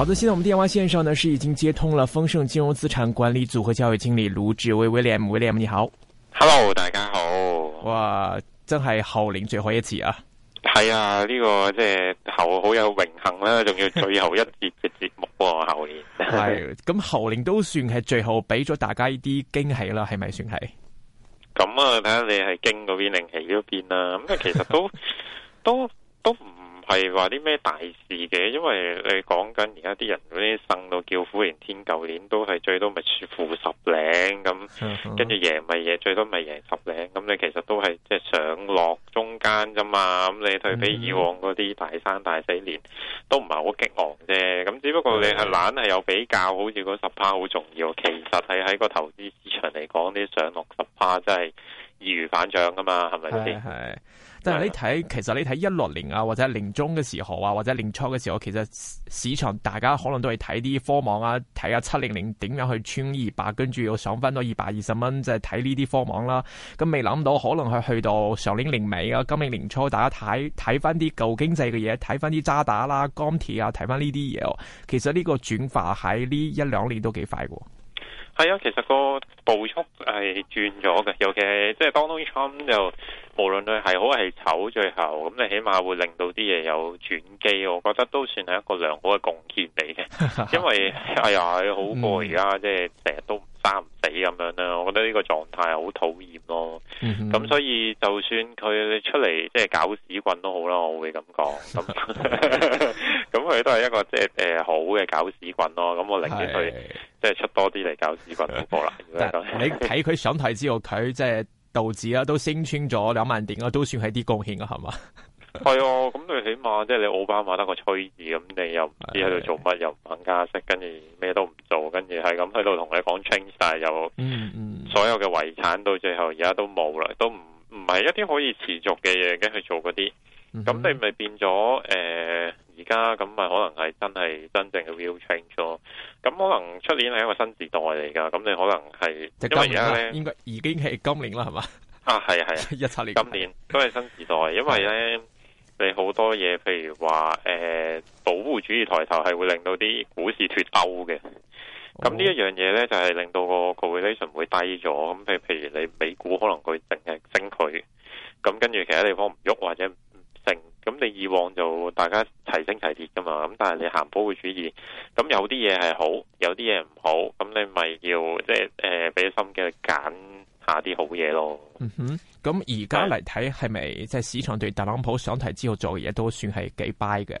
好的，現在我們電話線上呢是已經接通了豐盛金融資產管理組合交易經理盧志威 William，William 你好，Hello，大家好，哇，真係猴年最後一次啊，係啊，呢、呢個即係猴好有榮幸啦、啊，仲要最後一節嘅節目、啊，猴年係，咁猴、 哎嗯、年都算係最後俾咗大家一啲驚喜啦，係咪算係？咁啊，睇下你係驚嗰邊定喜嗰邊啦，咁其實都 都都唔。都係話啲咩大事嘅？因為你講緊而家啲人嗰啲升到叫苦連天，舊年都係最多咪負十零咁，嗯、跟住贏咪贏，最多咪贏十零咁。你其實都係即係上落中間啫嘛。咁你對比以往嗰啲大三大四年，都唔係好激昂啫。咁只不過你係懶係有比較，好似嗰十趴好重要。其實係喺個投資市場嚟講，啲上落十趴真係易如反掌噶嘛，係咪先？係但係你睇，其實你睇一六年啊，或者年中嘅時候啊，或者年初嘅時候，其實市場大家可能都係睇啲科網啊，睇下七零零點樣去穿二百，跟住要上翻到二百二十蚊，即係睇呢啲科網啦、啊。咁未諗到，可能係去到上年年尾啊，今年年初大家睇睇翻啲舊經濟嘅嘢，睇翻啲渣打啦、鋼鐵啊，睇翻呢啲嘢。其實呢個轉化喺呢一兩年都幾快噶、啊。係啊，其實個步速係轉咗嘅，尤其係即係當當 Trump 就，無論佢係好係醜，最後咁你起碼會令到啲嘢有轉機，我覺得都算係一個良好嘅貢獻嚟嘅，因為哎呀好過而家即係成日都，嗯生唔死咁樣咧，我覺得呢個狀態好討厭咯。咁、嗯、哼所以就算佢出嚟即係搞屎棍都好啦，我會咁講。咁佢都係一個、呃、是即係誒好嘅搞屎棍咯。咁我寧願佢即係出多啲嚟搞屎棍好啦。你睇佢上台之後，佢即係道指啊都升穿咗兩萬點啊，都算係啲貢獻噶係嘛？係哦，咁 你起碼即係你奧巴馬得個吹字咁你又唔知喺度做乜，又唔肯加息，跟住咩都唔做。跟住係咁喺度同佢講 change，但係又所有嘅遺產到最後而家都冇啦，都唔唔係一啲可以持續嘅嘢嘅去做嗰啲。咁、嗯、哼你咪變咗誒，而家咁咪可能係真係真正嘅 real change 咯、哦。咁可能出年係一個新時代嚟噶，咁你可能係因為而家咧，應該已經係今年啦，係嘛？ 啊，係啊係啊，一七年今年都係新時代，因為咧 你好多嘢，譬如話誒、呃，保護主義抬頭係會令到啲股市脫鈎嘅。咁、哦、呢一樣嘢咧，就係、是、令到個 correlation 會低咗。咁譬如譬如你美股可能佢淨係升佢，咁跟住其他地方唔喐，或者唔成。咁你以往就大家齊升齊跌噶嘛。咁但係你行保會主義，咁有啲嘢係好，有啲嘢唔好，咁你咪要即係誒俾心機去揀下啲好嘢咯。嗯哼，咁而家嚟睇係咪即係市場對特朗普上台之後做嘅嘢，都算係幾 buy 嘅？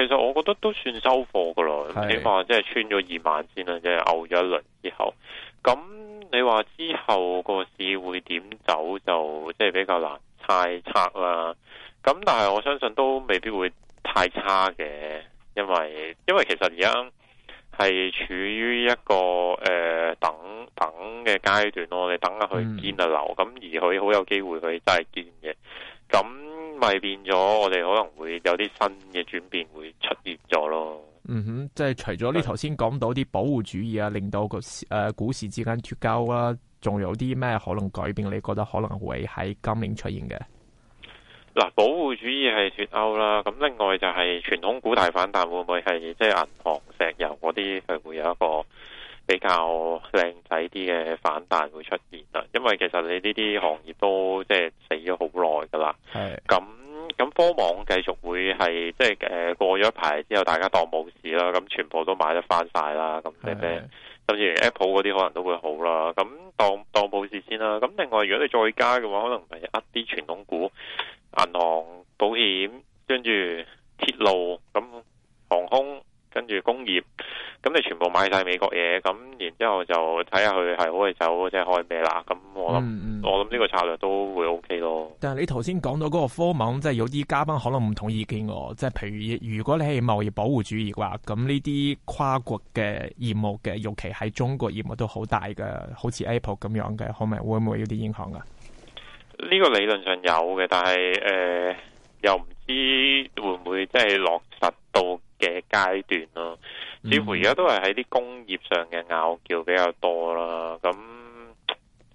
其實我覺得都算收貨噶啦，起碼即係穿咗二萬線啦，即係嘔咗一輪之後。咁你話之後個市會點走就即係、就是、比較難猜測啦。咁但係我相信都未必會太差嘅，因為因為其實而家係處於一個誒、呃、等等嘅階段咯，你等下去見就留，咁、嗯、而佢好有機會去真係見嘅。咁咪變咗，我哋可能會有啲新嘅轉變會出現咗咯。嗯哼，即係除咗你頭先講到啲保護主義啊，令到個誒股市之間脫鈎啦，仲有啲咩可能改變？你覺得可能會喺今年出現嘅？嗱，保護主義係脫歐啦。咁另外就係傳統股大反彈，會唔會係即係銀行、石油嗰啲，係會有一個？比較靚仔啲嘅反彈會出現啦，因為其實你呢啲行業都即係死咗好耐噶啦。係咁，咁科網繼續會係即係誒過咗一排之後，大家當冇事啦，咁全部都買得翻晒啦。咁咩咩，是的 甚至 Apple 嗰啲可能都會好啦。咁當當冇事先啦。咁另外如果你再加嘅話，可能係一啲傳統股、銀行、保險，跟住鐵路、咁航空。跟住工業，咁你全部買晒美國嘢，咁然之後就睇下佢係可以走即係開咩啦。咁、就是、我諗，嗯、我諗呢個策略都會 O K 咯。但係你頭先講到嗰個科網，即、就、係、是、有啲嘉賓可能唔同意見哦。即、就、係、是、譬如，如果你係貿易保護主義嘅話，咁呢啲跨國嘅業務嘅尤其喺中國業務都好大嘅，好似 Apple 咁樣嘅，可能係會唔會有啲影響噶？呢個理論上有嘅，但係誒、呃，又唔知會唔會即係落實到。嘅階段咯，似乎而家都係喺啲工業上嘅拗撬比較多啦。咁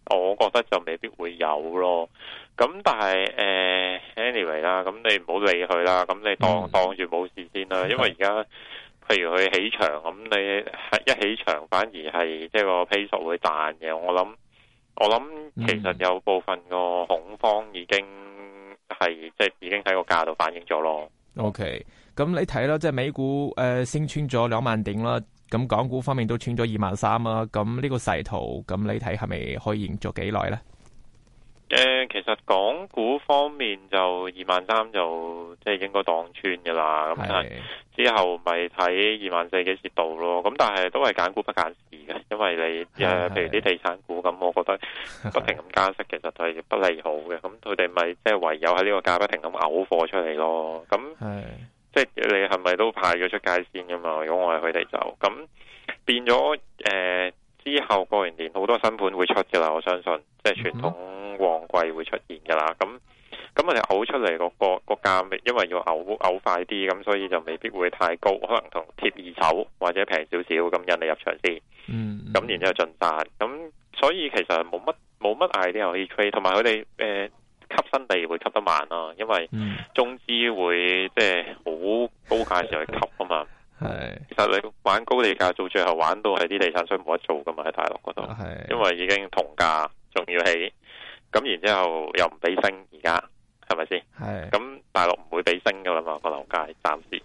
我覺得就未必會有咯。咁但係誒，呃，anyway 啦，咁你唔好理佢啦，咁你當當住冇事先啦。因為而家譬如佢起場咁，你一起場反而係即係個 PE 會彈嘅。我諗我諗其實有部分個恐慌已經係即係已經喺個價度反映咗咯。OK，咁你睇啦，即係美股，誒、呃，升穿咗兩萬點啦。咁港股方面都穿咗二萬三啊。咁呢個勢頭，咁你睇係咪可以延續幾耐咧？誒、呃，其實港股方面就二萬三就即係應該擋穿噶啦。咁是之後咪睇二萬四幾時到咯。咁但係都係揀股不揀市嘅，因為你誒是、啊，譬如啲地產股咁，我覺得不停咁加息，是其實係不利好嘅。咁佢哋咪即係唯有喺呢個價不停咁嘔貨出嚟咯。咁是即係你係咪都派咗出界先噶嘛？如果我係佢哋就咁變咗誒、呃，之後過完年好多新盤會出噶啦。我相信即係傳統。會會出現噶啦，咁咁我哋嘔出嚟，個個價，因為要嘔嘔快啲，咁所以就未必會太高，可能同貼二手或者平少少，咁引你入場先。嗯，咁然之後進殺，咁、嗯、所以其實冇乜冇乜 idea to trade 同埋佢哋誒吸新地會吸得慢咯、啊，因為中資會即係好高價嘅時候吸啊嘛。係 是，其實你玩高地價做最後玩到係啲地產商冇得做噶嘛，喺大陸嗰度，是因為已經同價仲要起。咁然之後又唔俾升，而家係咪先？係咁是大陸唔會俾升噶啦嘛，個樓價係暫時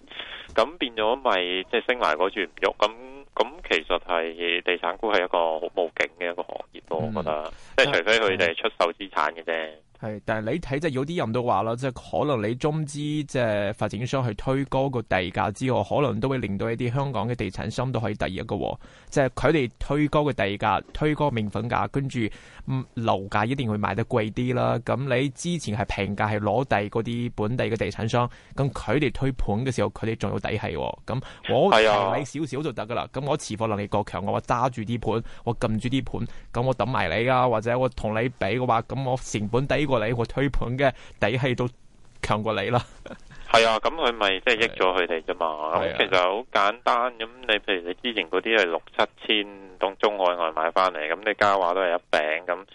咁變咗咪、就是、即係升埋嗰住唔喐咁咁，其實係地產股係一個好冇景嘅一個行業咯，嗯、我覺得即係除非佢哋出售資產嘅啫。嗯嗯係，但係你睇即係有啲人都話啦，即係可能你中資即係發展商去推高個地價之外，可能都會令到一啲香港嘅地產商都可以得益嘅喎。即係佢哋推高嘅地價，推高麵粉價，跟住、嗯、樓價一定會賣得貴啲啦。咁你之前係平價係攞地嗰啲本地嘅地產商，咁佢哋推盤嘅時候，佢哋仲有底氣喎。咁我平你少少就得噶啦。咁、哎、呦我持貨能力過強嘅話，我揸住啲盤，我撳住啲盤，咁我抌埋你啊，或者我同你比嘅話，咁我成本低。過你個推盤嘅底氣都強過你啦，係 啊，咁佢咪即係益咗佢哋啫嘛。咁的其實好簡單，咁你譬如你之前嗰啲係六七千當中海外，外買翻嚟，咁你加話都係一餅，咁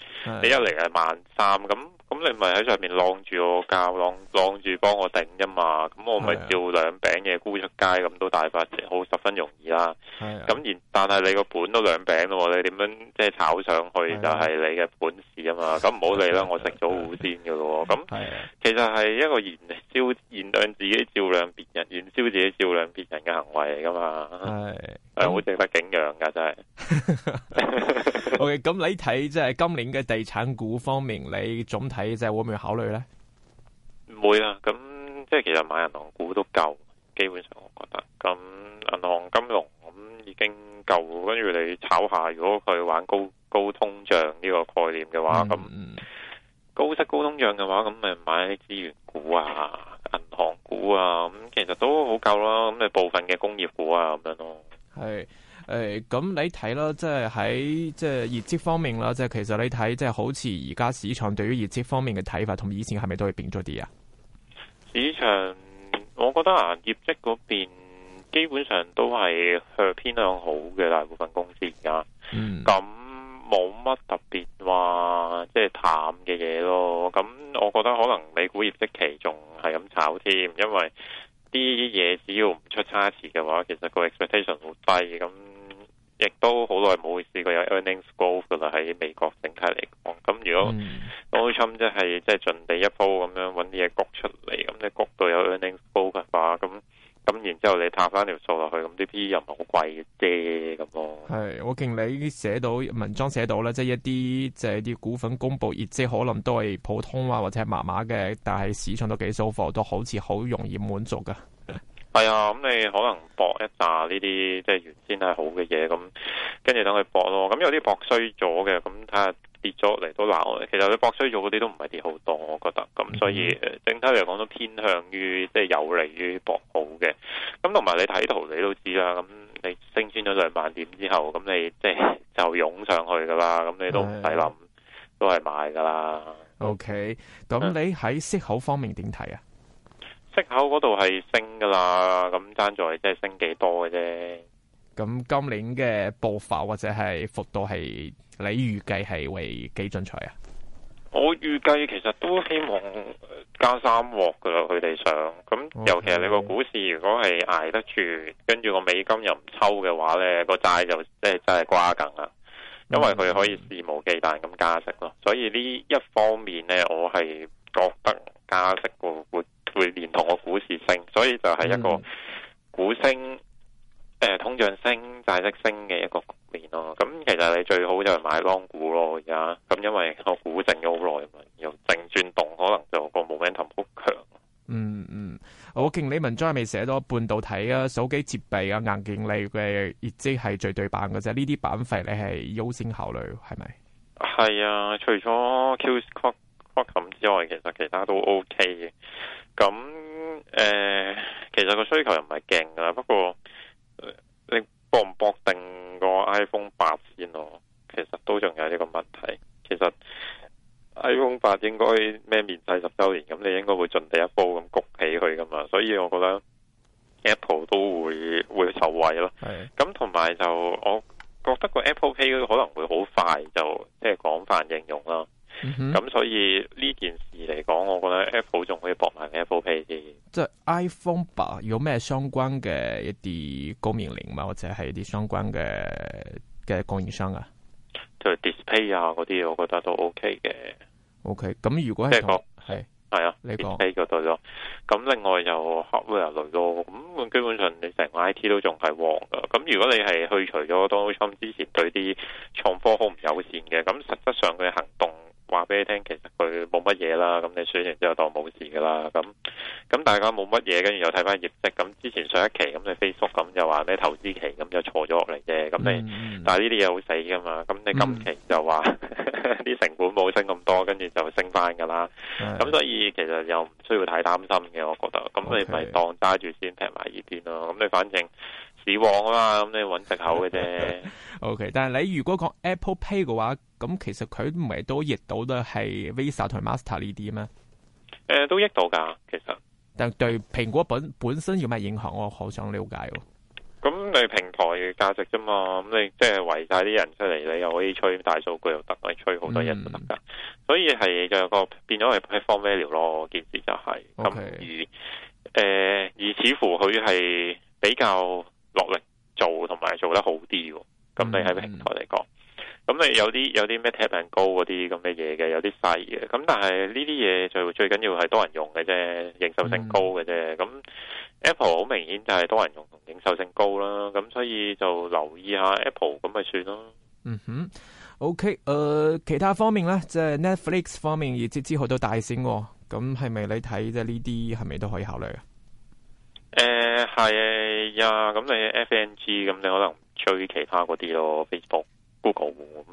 你一嚟係萬三咁。咁、嗯、你咪喺上面晾住我教晾晾住幫我頂啫嘛？咁我咪照兩餅嘢沽出街，咁都大把嘅，好十分容易啦。咁然、啊，但係你個本都兩餅咯，你點樣即係炒上去就係你嘅本事啊嘛？咁唔好理啦，啊啊啊、我食咗糊先噶咯。咁、啊、其實係一個燃燒燃亮自己，照亮別人，燃燒自己，照亮別人嘅行為嚟噶嘛？係係好值得景仰噶，真係。 OK，咁你睇即係今年嘅地產股方面，你總體。你就會唔會考慮呢？唔會啊，咁即係其實買銀行股都夠，基本上我覺得。咁銀行、金融咁已經夠，跟住你炒下，如果佢玩高高通脹呢個概念嘅話，咁高息、高通脹嘅話，咁咪買啲資源股啊、銀行股啊，咁其實都好夠啦。咁你部分嘅工業股啊，咁樣咯。係。誒，咁、呃、你睇啦，即係喺即係業績方面啦，即係其實你睇即係好似而家市場對於業績方面嘅睇法，同以前係咪都會變咗啲啊？市場，我覺得啊，業績嗰邊基本上都係向偏向好嘅，大部分公司而家咁冇乜特別話即係淡嘅嘢咯。咁我覺得可能美股業績期仲係咁炒添，因為啲嘢只要唔出差池嘅話，其實個 expectation 好低咁。亦都好耐冇試過有 earnings growth 噶啦，喺美國整體嚟講。咁如果 Donald Trump 即係即係盡地一鋪咁樣搵啲嘢谷出嚟，咁、那、啲、個、谷到有 earnings growth 嘅話，咁咁然之後你踏翻條數落去，咁呢啲又唔係好貴嘅啫，咁咯。係，我見你寫到文章寫到咧，即、就、係、是、一啲即係啲股份公布業績可能都係普通啊或者麻麻嘅，但係市場都幾收貨都好似好容易滿足噶。係啊，咁、 okay, 嗯、你可能搏一扎呢啲即係原先係好嘅嘢，咁跟住等佢搏咯。咁有啲搏衰咗嘅，咁睇下跌咗嚟都難。其實佢搏衰咗嗰啲都唔係跌好多，我覺得。咁所以整體嚟講都偏向於即係有利於博好嘅。咁同埋你睇圖你都知啦。咁你升穿咗上萬點之後，咁你即係就湧上去噶啦。咁你都唔使諗，都係買噶啦。O K，咁你喺息口方面點睇啊？息口嗰度係升噶啦，咁爭在即係升幾多嘅啫。咁今年嘅步伐或者係幅度係你預計係為幾進才啊？我預計其實都希望加三鑊噶啦。佢哋想咁，尤其係你個股市如果係挨得住，跟住個美金又唔抽嘅話咧，個債就即係真係瓜梗啦。因為佢可以肆無忌憚咁加息咯，所以呢一方面咧，我係覺得加息會。會連同個股市升，所以就係一個股升、誒、嗯呃、通脹升、債息升嘅一個局面咯。咁其實你最好就係買 long 股咯，而家咁因為個股靜咗好耐嘛，由靜轉動，可能就個 momentum 好強。嗯嗯，我見你文章未寫到半導體啊、手機設備啊、硬件類嘅業績係最對版嘅啫。呢啲板塊你係優先考慮係咪？係啊，除咗 Q。博咁之外，其實其他都 OK 嘅。咁誒、呃，其實個需求又唔係勁啦。不過你博唔博定個 iPhone 八先咯？其實都仲有呢個問題。其實、嗯、iPhone 八應該咩面世十周年咁，你應該會盡地一煲咁焗起佢噶嘛。所以我覺得 Apple 都會會受惠咯。係、嗯。咁同埋就我覺得個 Apple Pay 可能會好快就即係、就是、廣泛應用啦。咁、嗯、所以呢件事嚟講，我覺得 Apple 仲可以搏埋 Apple Pay 嘅。即係 iPhone 八有咩相關嘅一啲供應鏈嘛，或者係啲相關嘅嘅供應商啊？就 display 啊嗰啲，我覺得都 OK 嘅。OK，咁如果即係講係係啊，你講 display 嗰對咯。咁另外又 hardware 類咯，咁、呃呃呃呃、基本上你成個 IT 都仲係旺噶。咁如果你係去除咗 Donald Trump 之前對啲創科好唔友善嘅，咁實質上佢嘅行動。話俾你聽，其實佢冇乜嘢啦，咁你輸完之後當冇事噶啦，咁咁大家冇乜嘢，跟住又睇翻業績，咁之前上一期咁你 Facebook，咁就話咩投資期錯，咁就錯咗落嚟嘅，咁你、嗯、但係呢啲嘢好死噶嘛，咁你今期就話啲、嗯、 成本冇升咁多，跟住就升翻噶啦，咁的所以其實又唔需要太擔心嘅，我覺得，咁你咪 Okay. 當揸住先劈埋呢邊咯，咁你反正。指望啊嘛，咁你揾藉口嘅啫。 o、okay, K，但係你如果講 Apple Pay 嘅話，咁其實佢唔係都益到都係 Visa 同 Master 呢啲咩？誒、呃，都益到噶，其實。但係對蘋果本本身有咩影響，我好想了解。咁、嗯、你平台嘅價值啫嘛，咁你即係圍晒啲人出嚟，你又可以吹大數據又得，可以吹好多人。都得噶。所以係就個變咗係 platform value 咯，件事就係咁。而、呃、誒，而似乎佢係比較，落力做同埋做得好啲喎，咁你喺平台嚟講，咁你有啲有啲咩 Tap and Go 嗰啲咁嘅嘢嘅，有啲細嘅，咁但係呢啲嘢就最緊要係多人用嘅啫，認受性高嘅啫，咁、嗯、Apple 好明顯就係多人用同認受性高啦，咁所以就留意下 Apple 咁咪算咯。嗯哼，OK，誒、呃、其他方面咧，即、就、係、是、Netflix 方面亦接接好多大線喎、哦，咁係咪你睇即係呢啲係咪都可以考慮啊？誒，係呀、欸。咁、啊、你 F N G 咁，你可能追其他嗰啲咯，Facebook Google、Google 咁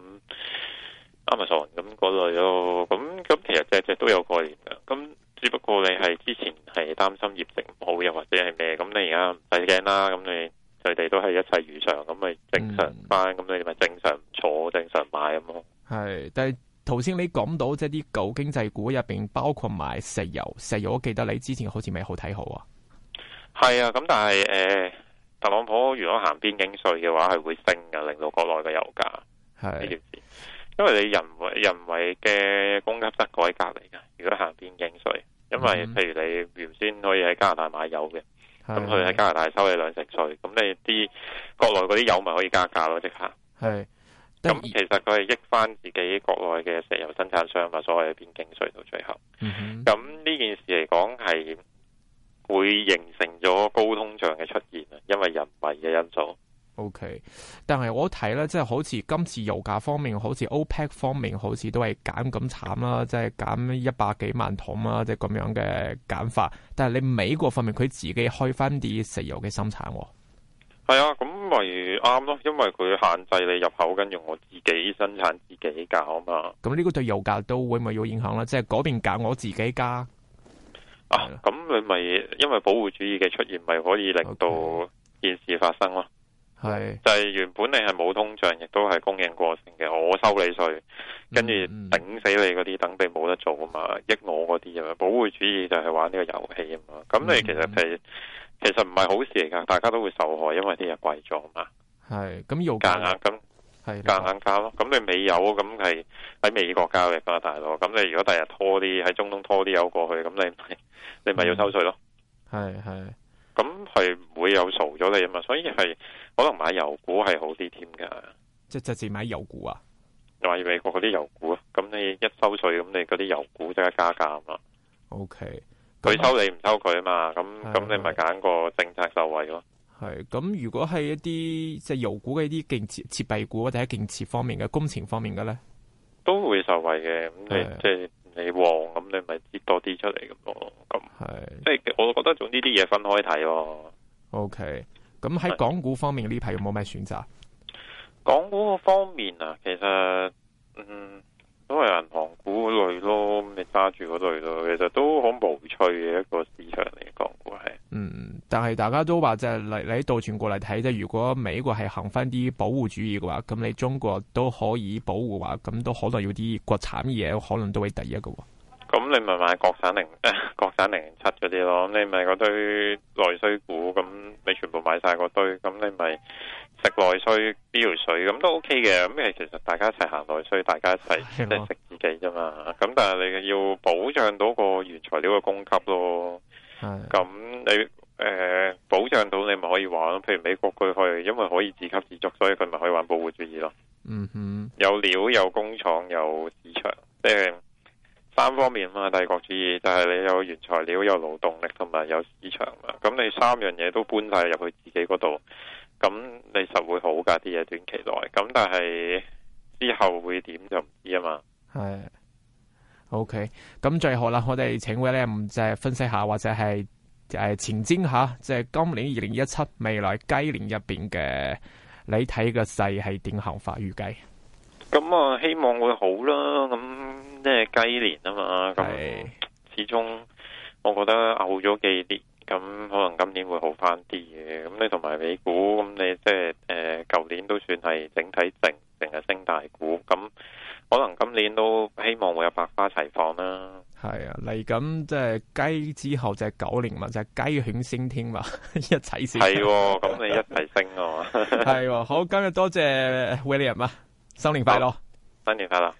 Amazon 咁嗰類咯。咁咁其實只只都有關聯噶。咁只不過你係之前係擔心業績唔好，又或者係咩咁，你而家唔使驚啦。咁你佢哋都係一切如常，咁咪正常翻。咁、嗯、你咪正常坐，正常買咁咯。係，但係頭先你講到即係啲舊經濟股入邊，包括埋石油、石油，我記得你之前好似未好睇好啊。係啊，咁但係誒、呃，特朗普如果行邊境稅嘅話，係會升嘅，令到國內嘅油價係呢件事，的因為你人為人為嘅供給側改革嚟嘅，如果行邊境稅，嗯、因為譬如你原先可以喺加拿大買油嘅，咁佢喺加拿大收你兩成稅，咁你啲國內嗰啲油咪可以加價咯，即刻係。咁的其實佢係益翻自己國內嘅石油生產商，咪所謂邊境稅到最後。咁呢、嗯、哼件事嚟講係會形成咗高通脹嘅出現啊，因為人為嘅因素。OK，但係我睇咧，即係好似今次油價方面，好似 OPEC 方面，好似都係減咁慘啦，即係減一百幾萬桶啊，即係咁樣嘅減法。但係你美國方面，佢自己開返啲石油嘅生產，係啊，咁咪啱咯，因為佢限制你入口，跟住我自己生產自己搞啊嘛。咁呢個對油價都會唔會有影響啦，即係嗰邊減，我自己加。咁佢咪因為保護主義嘅出現，咪可以令到件事發生咯？係 Okay. 就係原本你係冇通脹，亦都係供應過剩嘅，我收你稅，跟住頂死你嗰啲，等你冇得做啊嘛，益我嗰啲啊嘛，保護主義就係玩呢個遊戲啊嘛，咁你其實係、就係、其實唔係好事嚟噶，大家都會受害，因為啲嘢貴咗啊嘛。係咁要。夾硬咁。嗯係夾硬，硬加咯，咁你未有，咁係喺美國交易加大咯，咁你如果第日拖啲喺中東拖啲油過去，咁你你咪要收稅咯。係係，咁係唔會有嘈咗你啊嘛，所以係可能買油股係好啲添噶。即係直接買油股啊？又話美國嗰啲油股啊？咁你一收稅咁你嗰啲油股即刻加價嘛？O K，佢收你唔收佢啊嘛？咁咁的、嗯、你咪揀個政策受惠咯。係咁，如果係一啲即係油股嘅一啲建設設備股或者建設方面嘅工程方面嘅咧，都會受惠嘅。咁是你即係、就是、你旺，咁你咪跌多啲出嚟咁咯。咁係，即係是我覺得總之啲嘢分開睇。O K，咁喺港股方面呢排是有冇咩選擇？港股方面啊，其實嗯都係銀行股類咯，你揸住嗰類咯。其實都好無趣嘅一個市場嚟。但係大家都話就係你喺度全國嚟睇，即係如果美國係行翻啲保護主義嘅話，咁你中國都可以保護嘅話，咁都可能要啲國產嘢可能都會第一嘅、哦。咁你咪買國產零國產零零七嗰啲咯，你咪嗰堆內需股，咁你全部買晒嗰堆，咁你咪食內需飆水，咁都 OK 嘅。咁其實大家一齊行內需，大家一齊即係食自己啫嘛。咁但係你要保障到個原材料嘅供給咯。咁你。誒、呃，保障到你咪可以玩，譬如美國佢可以，因為可以自給自足，所以佢咪可以玩保護主義咯。嗯哼，有料有工廠有市場，即係三方面嘛。帝國主義就係、是、你有原材料、有勞動力同埋有,有市場嘛。咁你三樣嘢都搬晒入去自己嗰度，咁你就會好噶啲嘢。短期內，咁但係之後會點就唔知啊嘛。係。OK，咁最好啦，我哋請 William 就係、是、分析下，或者係。誒，前瞻下，即、就、係、是、今年二零一七，未來雞年入邊嘅，你睇個勢係點行法？預計咁啊，希望會好啦。咁即係雞年啊嘛，咁、嗯、是始終我覺得拗咗幾年，咁、嗯、可能今年會好翻啲嘅。咁、嗯、你同埋美股，咁、嗯、你即係誒，舊、呃、年都算係整體淨淨係升大股，咁、嗯、可能今年都希望會有百花齊放啦。係啊，嚟緊即係雞之後就係狗年嘛，就係、是、雞犬升天嘛，一齊升、啊。係喎，咁你一齊升啊係喎、 啊，好今日多謝 William 啊，新年快樂，新年快樂。